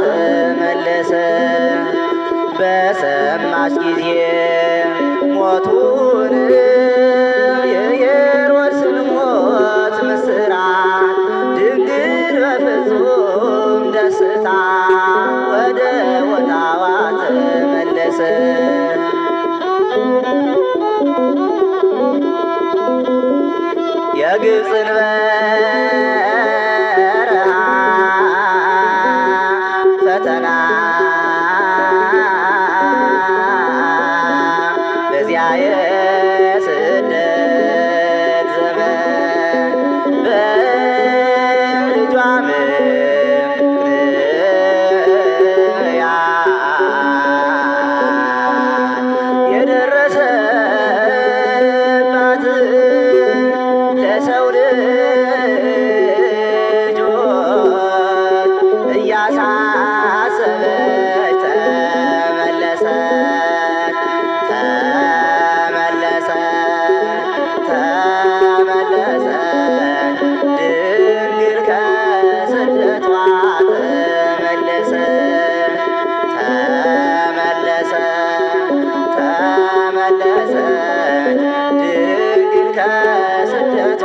ተመለሰ። በሰማች ጊዜ ሞቱን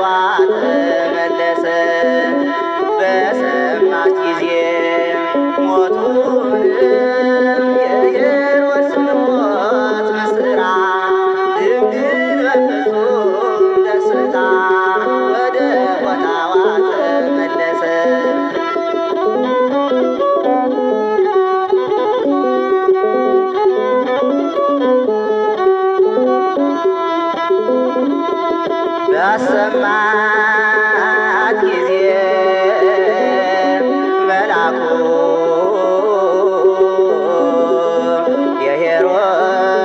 ቃሏን መለሰ። በሰማች ጊዜ ሞቱን ባሰማት ጊዜ መላኩ የሄሮድ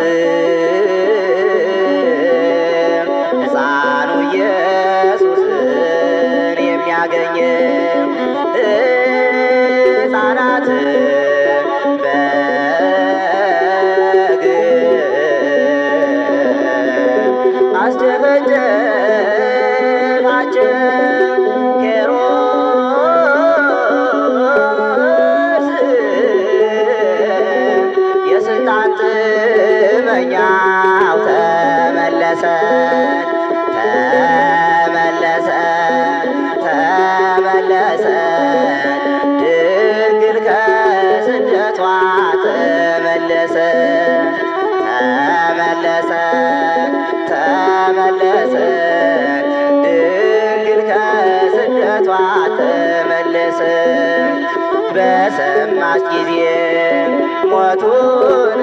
say በሰማች ጊዜ ሞቱንም